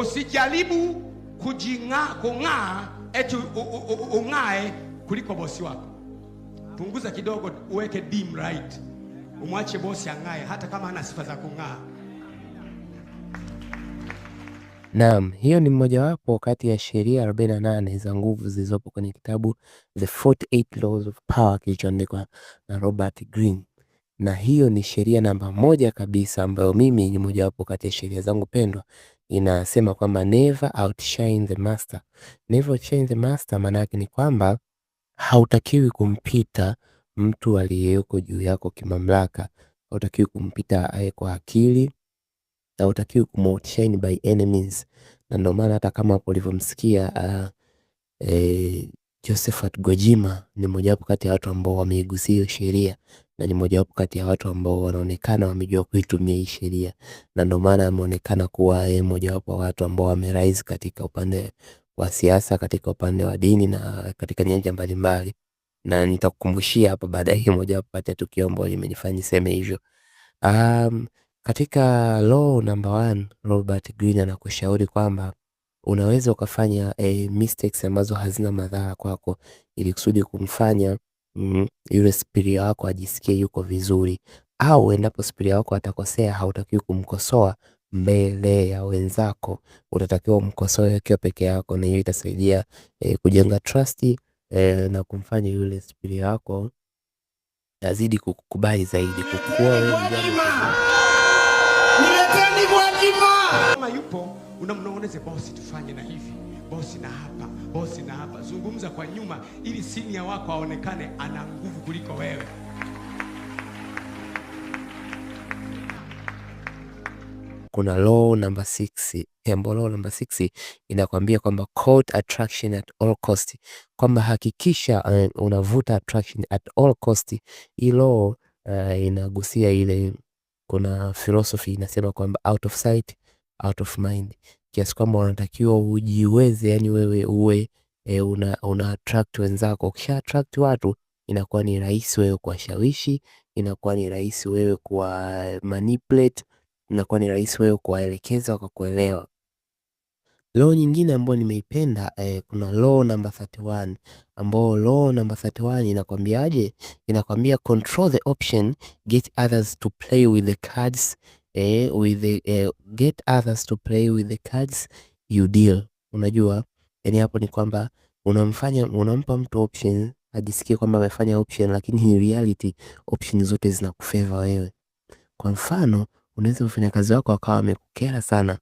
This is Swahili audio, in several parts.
Usijaribu kujing'aa kung'aa eti ung'ae kuliko bosi wako. Punguza kidogo, uweke dim right, umwache bosi ang'ae, hata kama ana sifa za kung'aa. Naam, hiyo ni mmojawapo kati ya sheria 48 za nguvu zilizopo kwenye kitabu The 48 Laws of Power kilichoandikwa na Robert green na hiyo ni sheria namba moja kabisa ambayo mimi ni mojawapo kati ya sheria zangu pendwa inasema kwamba never outshine the master. Never outshine the master maana yake ni kwamba hautakiwi kumpita mtu aliyeko juu yako kimamlaka, hautakiwi kumpita aye kwa akili, hautakiwi kumoutshine by enemies. Na ndio maana hata kama ulivyomsikia uh, eh, Josephat Gwajima ni mojawapo kati ya watu ambao wameigusia sheria na ni mojawapo kati ya watu ambao wanaonekana wamejua kuitumia hii sheria, na ndio maana ameonekana kuwa yeye mojawapo wa watu ambao wamerise katika upande wa siasa, katika upande wa dini na katika nyanja mbalimbali, na nitakukumbushia hapa baadaye mojawapo kati ya tukio ambalo limenifanya niseme hivyo. Um, katika law number one, Robert Greene anakushauri kwamba unaweza ukafanya eh, mistakes ambazo hazina madhara kwako ili kusudi kumfanya mm, yule spiria wako ajisikie yuko vizuri, au endapo spiria wako atakosea, hautakiwi kumkosoa mbele ya wenzako, utatakiwa umkosoe akiwa peke yako, na hiyo itasaidia eh, kujenga trust eh, na kumfanya yule spiria wako azidi kukubali zaidi kukua Mwajima. Kama yupo unamnong'oneze bosi, tufanye na hivi bosi na hapa, bosi na hapa. Zungumza kwa nyuma ili sinia wako aonekane ana nguvu kuliko wewe. Kuna law namba 6 ambayo law namba 6 inakwambia kwamba court attraction at all cost, kwamba hakikisha uh, unavuta attraction at all cost. Hii law uh, inagusia ile, kuna philosophy inasema kwamba out of sight out of mind kiasi kwamba unatakiwa ujiweze, yani wewe uwe e, una, una attract wenzako. Ukisha attract watu inakuwa ni rahisi wewe kuwashawishi, inakuwa ni rahisi wewe kuwa manipulate, inakuwa ni rahisi wewe kuwaelekeza wakakuelewa. Law nyingine ambayo nimeipenda eh, kuna law namba 31 ambao law namba 31 inakwambiaje? Inakwambia control the option, get others to play with the cards eh, with the, eh, get others to play with the cards you deal. Unajua, yani hapo ni kwamba unamfanya unampa mtu option ajisikie kwamba amefanya option, lakini in reality option zote zinakufavor wewe. Kwa mfano, unaweza mfanyakazi wako akawa amekukera sana,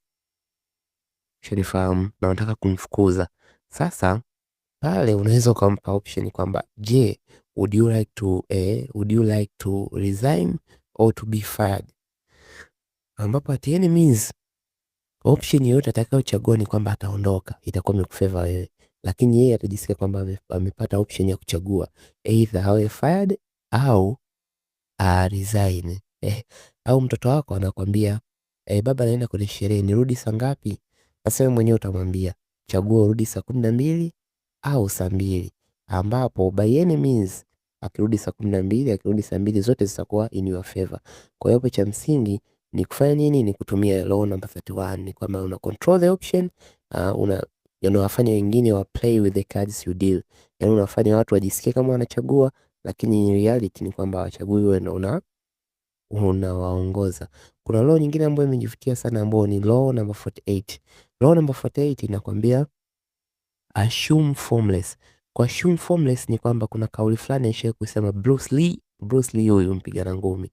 shalifahamu, na unataka kumfukuza. Sasa pale unaweza ukampa option kwamba je, would you like to eh, would you like to resign or to be fired? ambapo at any yaani means option yoyote atakayochagua ni kwamba ataondoka, itakuwa imekufavor wewe, lakini yeye atajisikia kwamba amepata option ya kuchagua either awe fired au a ah, resign eh, au mtoto wako anakwambia eh, baba naenda kwenye sherehe, nirudi saa ngapi? Sasa wewe mwenyewe utamwambia chagua urudi saa kumi na mbili au saa mbili, ambapo by any means akirudi saa kumi na mbili akirudi saa mbili zote zitakuwa in your favor. Kwa hiyo hapo cha msingi ni kufanya nini? Ni kutumia row number 31. Ni kwamba una control the option uh, una yani unawafanya wengine wa play with the cards you deal, yani unafanya watu wajisikie kama wanachagua, lakini in reality ni kwamba wachagui, wewe ndio una unawaongoza. Kuna row nyingine ambayo imejivutia sana ambayo ni row number 48. Row number 48 inakwambia assume formless. Kwa assume formless ni kwamba kuna kauli fulani aishaye kusema Bruce Lee, Bruce Lee huyu mpigana ngumi.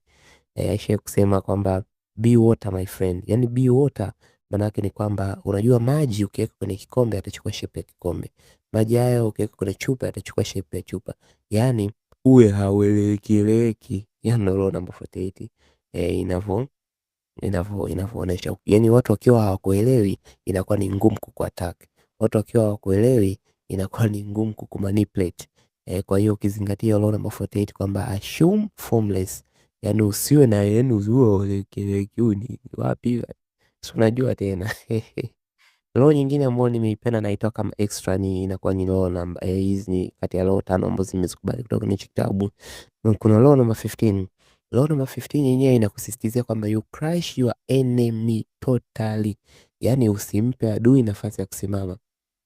Eh, aishaye kusema kwamba be water my friend. Yani be water maana yake ni kwamba unajua maji ukiweka kwenye kikombe atachukua shape ya kikombe. Maji hayo ukiweka kwenye chupa atachukua shape ya chupa. Yani uwe haueleweki. Yani ndio number 48 eh, inavyo inavyo inavyoonesha. Yani watu wakiwa hawakuelewi inakuwa ni ngumu kukuattack. Watu wakiwa hawakuelewi inakuwa ni ngumu kukumanipulate. Eh, kwa hiyo ukizingatia law number 48 kwamba assume formless yani usiwe na yaani huo kiuni wapi, si unajua tena roho nyingine ambayo nimeipenda naitoa kama extra ni inakuwa ni roho namba eh, hizi ni kati ya roho tano ambazo nimezikubali kutoka kwenye kitabu. Kuna roho namba 15. Roho namba 15 yenyewe inakusisitizia kwamba you crush your enemy totally, yani usimpe adui nafasi ya kusimama.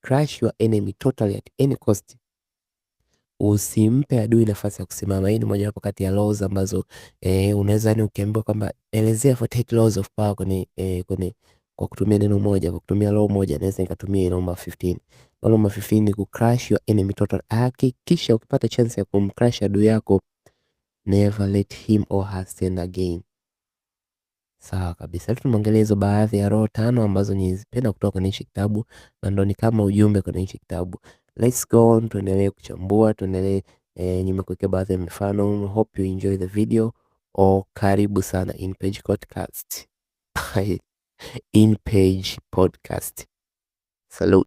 Crush your enemy totally at any cost usimpe adui nafasi ya kusimama. Hii ni moja wapo kati ya laws ambazo eh, unaweza ni yaani ukiambiwa kwamba elezea for 48 laws of power kwenye eh, kwenye kwa kutumia neno moja, kwa kutumia law moja, naweza nikatumia ile number 15. Kwa number 15 ni ku crush your enemy total. Hakikisha ukipata chance ya kumcrush adui yako, never let him or her stand again. Sawa kabisa. Leo Tumeongelea hizo baadhi ya roho tano ambazo nilizipenda kutoka kwenye hichi kitabu na ndo ni kama ujumbe kwenye hichi kitabu. Let's go on, tuendelee kuchambua, tuendelee eh, nimekuwekea baadhi ya mifano. Hope you enjoy the video oh, karibu sana InPage Podcast. InPage Podcast. Salute.